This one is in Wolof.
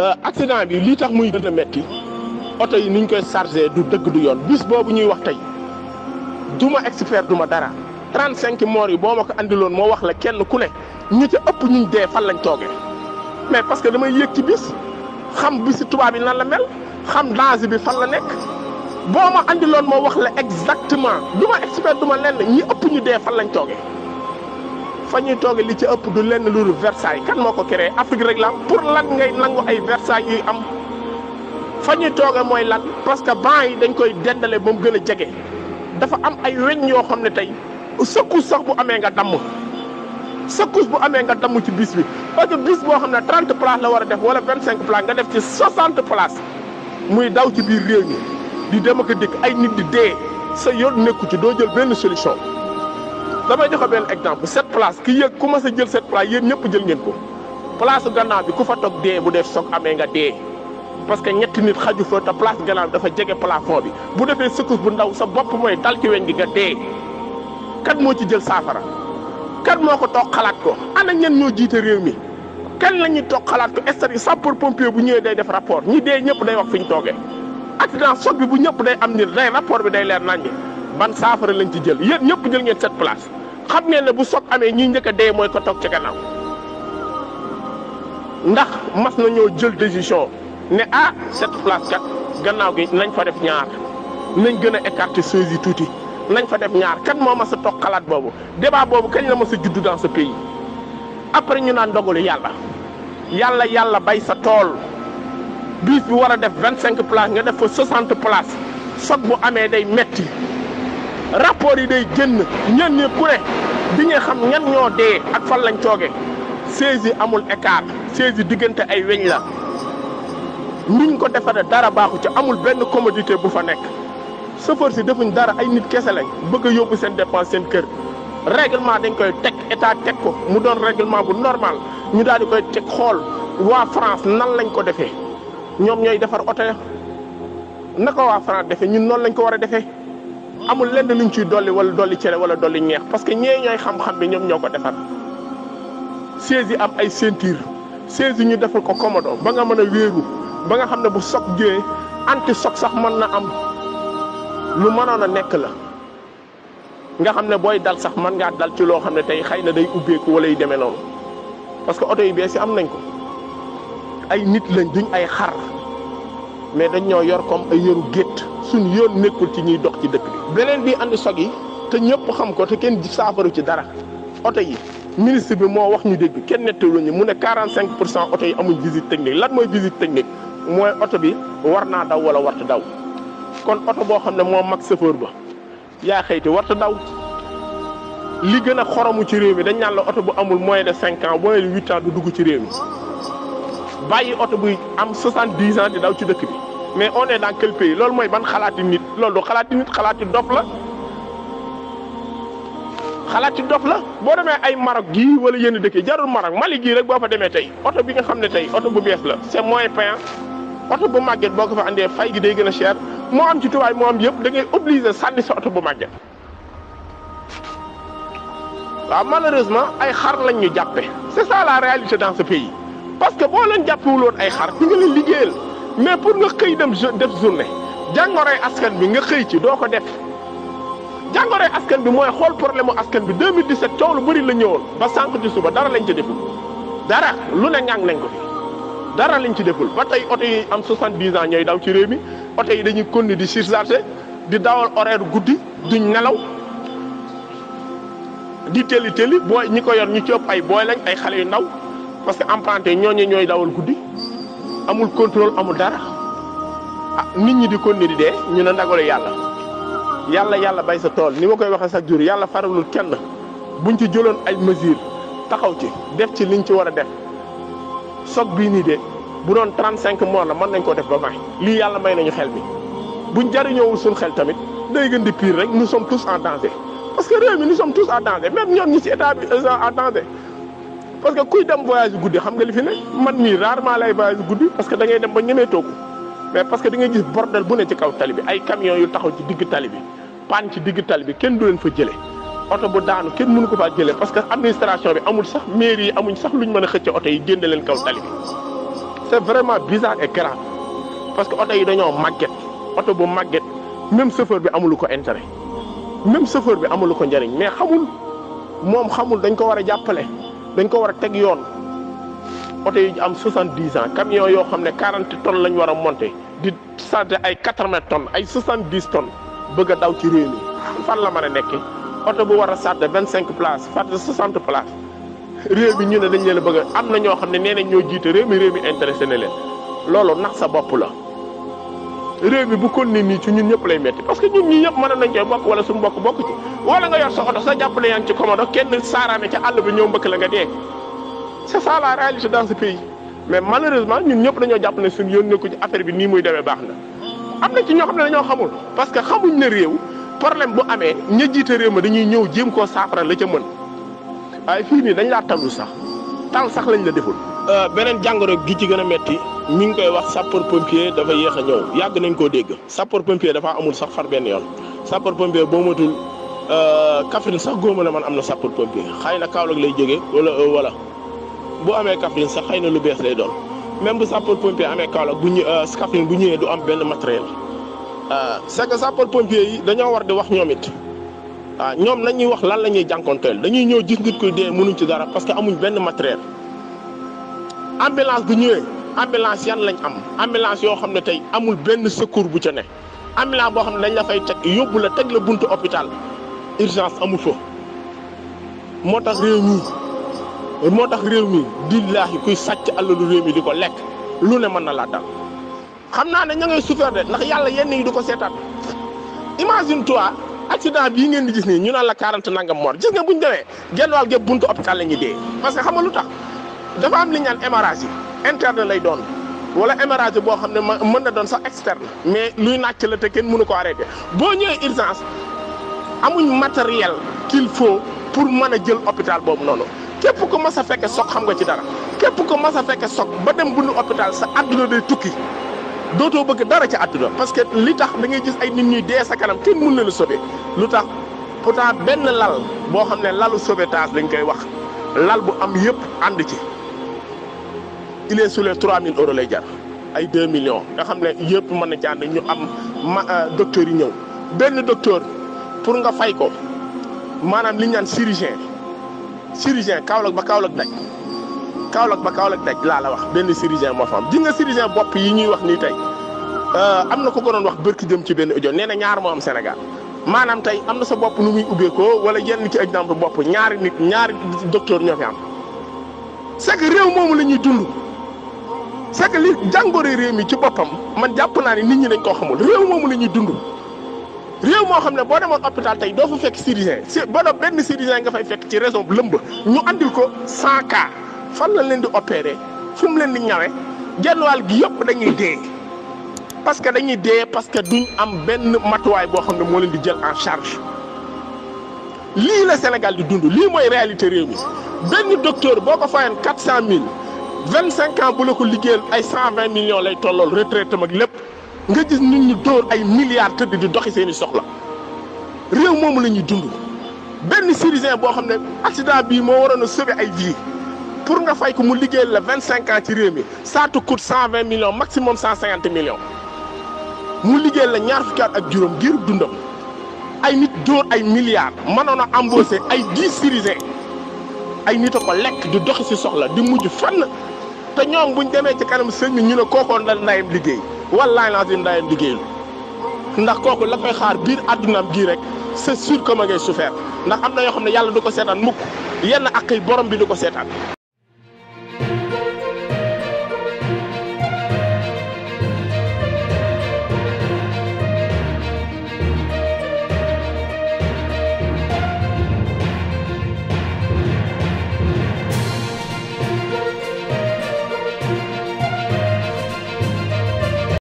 Euh, accident bi lii tax muy gën a metti oto yi niñ koy chargé du dëgg du yoon bis boobu ñuy wax tey du ma expert duma dara dara 35 morts yi boo ma ko andiloon moo wax la kenn ku ne ñi ëpp ñu dee fan lañ toogee mais parce que damay yëg ci bis xam bisi tubaab bi nan la mel xam danger bi fan la nekk boo ma andiloon moo wax la exactement du expert du ma lenn ñi ëpp ñu dee fan lañ toogee. fa ñuy toog li ci ëpp du lenn loolu Versailles kan moo ko créé Afrique rek la pour lan ngay nangu ay Versailles yuy am fa ñuy toog mooy lan parce que banc yi dañ koy dendale ba mu gën a jege dafa am ay weñ yoo xam ne tey secousse sax bu amee nga damm secousse bu amee nga damm ci bis bi parce que bis boo xam ne trente places la war a def wala vingt cinq places nga def ci soixante places muy daw ci biir réew mi di dem ak dikk ay nit di dee sa yoon nekku ci doo jël benn solution. damay joxe benn exemple cette place ki yëg ku mas a jël cette place yéen ñëpp jël ngeen ko place gannaaw bi ku fa toog dee bu def soog amee nga dee parce que ñetti nit xaju fa te place gannaaw bi dafa jege plafond bi bu defee secousse bu ndaw sa bopp mooy dal ci weñ gi nga dee kat moo ci jël saafara kat moo ko toog xalaat ko ana ñen ñoo jiite réew mi kan la ñuy toog xalaat ko estar yi sapeur pompier bu ñëwee day def rapport ñi dee ñëpp day wax fi ñu toogee accident soog bi bu ñëpp day am nit day rapport bi day leer nañ ban saafara lañ ci jël yéen ñëpp jël ngeen set place xam ngeen ne bu soog amee ñi njëkk a mooy ko toog ci gannaaw ndax mas nañoo jël décision ne ah set place kat gannaaw gi nañ fa def ñaar nañ gën a écarter seuls yi tuuti nañ fa def ñaar kat moo mas a toog xalaat boobu débat boobu kañ la mas a juddu dans sa pays après ñu naan dogalu yàlla yàlla yàlla bay sa tool bis bi war a def vingt cinq place nga def fa soixante places soog bu amee day metti rapport yi day génn ñen ñi ku ne di nga xam ñan ñoo dee ak fan lañ toogee saisi amul écart saisi diggante ay weñ la niñ ko defaree dara baaxu ca amul benn commodité bu fa nekk chauffeur si defuñ dara ay nit kese lañ bëgg yóbbu seen dépense seen kër règlement dañ koy teg état teg ko mu doon règlement bu normal ñu daal di koy teg xool waa France nan lañ ko defee ñoom ñooy defar oto ya naka waa France defe ñun noonu lañ ko war a defee. amul lenn luñ ciy dolli wala dolli cere wala dolli ñeex parce que ñee ñooy xam-xam bi ñoom ñoo ko defar chaise yi am ay ceinture chaise yi ñu defal ko komodo ba nga mën a wéeru ba nga xam ne bu soog jëyee anti soog sax man na am lu mënoon a nekk la nga xam ne booy dal sax mën ngaa dal ci loo xam ne tey xëy na day ubbeeku wala yu demee noonu parce que oto yu bees yi am nañ ko ay nit lañ duñ ay xar mais dañ ñoo yor comme ay yëru gétt suñ yoon nekkul ci ñuy dox ci dëkk bi. beneen bi andi sog yi te ñëpp xam ko te kenn saafaru ci dara oto yi ministre bi moo wax ñu dégg kenn nettalu ñu mu ne 45 pour cent oto yi amuñ visite technique lan mooy visite technique mooy oto bi war naa daw wala warta daw kon oto boo xam ne moo mag chauffeur ba yaa xëyti warta daw. li gën a xoromu ci réew mi dañ naan la oto bu amul moins de cinq ans moins de du dugg ci réew mi bàyyi oto buy am soixante-dix ans di daw ci dëkk bi. mais on est dans quel loolu mooy ban xalaati nit loolu du xalaati nit xalaati dof la xalaati dof la boo demee ay Maroc gii wala yenn dëkk yi jarul Maroc Mali gii rek boo fa demee tey oto bi nga xam ne tey oto bu bees la c'est moins payant oto bu màgget boo ko fa andee fay gi day gën a cher moo am ci tubaab moo am yëpp da ngay obligé sànni sa oto bu màgget waaw malheureusement ay xar lañ ñu jàppe c'est ça la réalité dans ce pays parce que boo leen jàppewuloon ay xar ki nga mais pour nga xëy dem def journée jàngoroy askan bi nga xëy ci doo ko def jàngoroy askan bi mooy xool problème mu askan bi 2017 coow lu bëri la ñëwoon ba sànq ci suba dara lañ ci deful dara lu ne ngang nañ ko fi dara lañ ci deful ba tey oto yi am 70 ans ñooy daw ci réew mi oto yi dañuy continuer di surchargé di dawal horaire guddi duñ nelaw di tëli tëli booy ñi ko yor ñu ci ay booy lañ ay xale yu ndaw parce que emprunté ñooñu ñooy dawal guddi. amul contrôle amul dara ah nit ñi di ko ni di dee ñu ne ndagalu yàlla yàlla yàlla bay sa tool ni ma koy waxee chaque jour yàlla faralul kenn bu buñ ci jëloon ay mesures taxaw ci def ci liñ ci war a def soog bii nii de bu doon trente cinq mois la mën nañ koo def ba may lii yàlla may nañu xel bi buñ jariñoowul suñ xel tamit day gën di pire rek nous sommes tous en danger parce que réew mi nous sommes tous en danger même ñoom ñi ci état bi en danger parce que kuy dem voyage guddi xam nga li fi ne man mii rarement lay voyage guddi parce que da ngay dem ba ñemee toog mais parce que da ngay gis bordel bu ne ci kaw tali bi ay camions yu taxaw ci digg tali bi panne ci digg bi kenn du leen fa jële oto bu daanu kenn mënu ko faa jëlee parce que administration bi amul sax mairie yi amuñ sax luñ mën a xëcc oto yi génne leen kaw tali bi c'est vraiment bizarre et grave parce que oto yi dañoo magget oto bu màgget même chauffeur bi amulu ko intérêt même chauffeur bi amulu ko njëriñ mais xamul moom xamul dañ ko war a jàppale dañ ko war a teg yoon oto yi am soixante dix ans camion yoo xam ne quarante tonnes lañ war a monter di chargé ay quatre vingt ay soixante dix tonnes bëgg daw ci réew mi fan la mën a nekkee oto bu war a chargé vingt cinq places chargé soixante places réew mi ñu ne dañ leen a bëgg am na ñoo xam ne nee nañ ñoo jiite réew mi réew mi intéressé na loolu nax sa bopp la. réew mi bu kon ne nii ci ñun ñëpp lay metti parce que ñun ñii ñëpp mënoon nañ koy bokk wala suñu bokk bokk ci wala nga yor sa oto sa jàpp ne ci komodo kenn saaraane ca àll bi ñëw mbëkk la nga dee c'est ça la dans ce pays mais malheureusement ñun ñëpp dañoo jàpp ne suñu yónnee ko ci affaire bi nii muy demee baax na am na ci ñoo xam ne dañoo xamul parce que xamuñ ne réew problème bu amee ña jiite réew ma dañuy ñëw jéem koo saafara la ca mën waaye fii nii dañ laa talul sax tal sax lañ la deful Euh, beneen jàngoro gi ci gën a metti mi ngi koy wax sapeur pompier dafa yéex a ñëw yàgg nañ koo dégg sapeur pompier dafa amul sax far benn yoon sapeur pompier boo matul euh, Kaffrine sax góoma na man am na sapeur pompier xëy na Kaolack lay jógee wala wala euh, bu amee Kaffrine sax xëy na lu bees lay doon même bu sappor pompier amee Kaolack bu ñu Kaffrine bu ñëwee du am benn matériel c'est sappor sapeur pompier yi dañoo war di wax ñoom it waaw ah, ñoom nañuy wax lan la ñuy jànkonteel dañuy ñëw gis nit koy dee mënuñ ci dara parce que amuñ benn matériel. ambulance bu ñëwee ambulance yan lañ am ambulance yoo xam ne tey amul benn secours bu ca ne ambulance boo xam ne dañ la fay teg yóbbu la teg la buntu hôpital urgence amul fo moo tax réew mi moo tax réew mi billaahi kuy sàcc alalu réew mi di ko lekk lu ne mën na laa dal xam naa ne ña ngay souffrir de ndax yàlla yenn yi du ko seetaan imagine toi accident bii ngeen di gis nii ñu naan la quarante nangam mort gis nga bu ñu demee genn wàll gépp buntu hôpital la que xam nga dafa am li ñaan hémorragie interne lay doon wala hémorragie boo xam ne mën na doon sax externe mais luy nàcc la te kenn mënu ko arrêté boo ñëwee urgence amuñ matériel qu'il faut pour mën a jël hôpital boobu noonu képp ko mas a fekk soog xam nga ci dara képp ko mas a fekke soog ba dem bundu hôpital sa adduna day tukki dootoo bëgg dara ci adduna parce que li tax da ngay gis ay nit ñi dee sa kanam kenn mun na la sauver lu tax pourtant benn lal boo xam ne lalu sauvetage lañ koy wax lal bu am yëpp ànd ci il est sur les 3000 euros lay jar ay 2 millions nga xam ne yëpp mën na ci ànd am ma euh, docteurs yi ñëw benn docteur pour nga fay ko maanaam li ñu naan chirurgien chirurgien Kaolack ba Kaolack daj Kaolack ba Kaolack daj laa la wax benn chirurgien moo fa ji nga chirurgien bopp yi ñuy wax nii tey euh, am na ko gënoon wax bërki jëm ci benn audio nee na ñaar moo am Sénégal maanaam tey am na sa bopp nu muy ubbeekoo wala yenn ci exemple bopp ñaari nit ñaari docteur ñoo fi am moomu la ñuy dund. c'est que li jàngoro réew mi ci boppam man jàpp naa ne nit ñi dañ koo xamul réew moom la ñuy dund réew moo xam ne boo demoon hôpital tey doo fa fekk chirurgien si boo doon benn chirurgien nga fay fekk ci raison bu lëmb ñu andil ko 100 cas fan lañ leen di opérer fu mu leen di ñawe genn wàll gi yëpp dañuy dee parce que dañuy dee parce que duñ am benn matuwaay boo xam ne moo leen di jël en charge lii la Sénégal di dund lii mooy réalité réew mi benn docteur boo ko fayoon 400000. vingt cinq ans bu la ko liggéeyal ay cent vingt millions lay tollool retraite mag lépp nga gis nit ñu dóor ay milliards tëdd di doxi seen i soxla réew moomu la ñuy dund benn Syrien boo xam ne accident bii moo waroon a sauver ay vie pour nga fay ko mu liggéeyal la vingt cinq ci réew mi ça te coûte cent vingt millions maximum cent cinquante millions mu liggéeyal la ñaar fukki ak juróom giirub dundam ay nit dóor ay milliards mënoon a embauché ay dix Syriens ay nit a ko lekk di doxi si soxla di mujj fenn te ñoom bu ñu demee ci kanam sëñ bi ñu ne kookoon la ndayem liggéey wallaahi laasim ndayem liggéeyul ndax kooku la koy xaar biir àddunaam gii rek c'est sûr que ma ndax am na yoo xam ne yàlla du ko seetaan mukk yenn ak yi borom bi du ko seetaan